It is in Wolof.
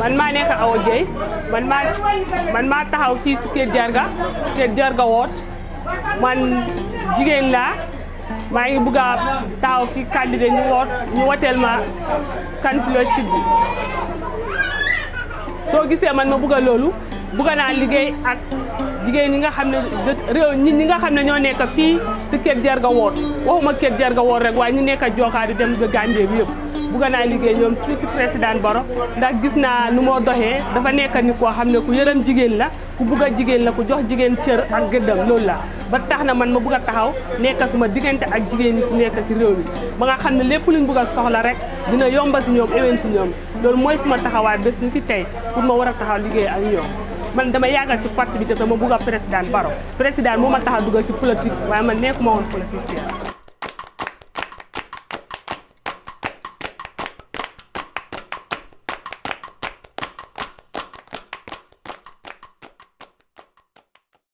man ma nekk Awa Gueye man maa man maa taxaw fii si Kër Jarga Kër Jarga woot man jigéen laa maa ngi bugga a taxaw fii candidat ñu woot ñu woteel ma kansilorship bi soo gisee man ma bugg a loolu bugga naa liggéey ak jigéen ñi nga xam ne réew ñi nga xam ne ñoo nekk fii si Kër Jarga woot waxuma Kër Jarga woot rek waaye ñu nekk a Jokaar di dem ba yëpp bugg naa liggéey ñoom ci président Baro ndax gis naa nu moo doxee dafa nekk ni koo xam ne ku yërëm jigéen la ku bugg a jigéen la ku jox jigéen cër ak gëddam loolu la ba tax na man ma bugg a taxaw nekk suma diggante ak jigéen ñi ci nekk ci réew mi ba nga xam ne lépp luñ bugg a soxla rek dina yomba si ñoom éwén si ñoom loolu mooy suma taxawaay bés ni ki tey pour ma war a taxaw liggéey ak ñoom man dama yàggal si parti bi te dama bugg a président Baro moo ma tax a dugal si politique waaye man nekkuma woon politicien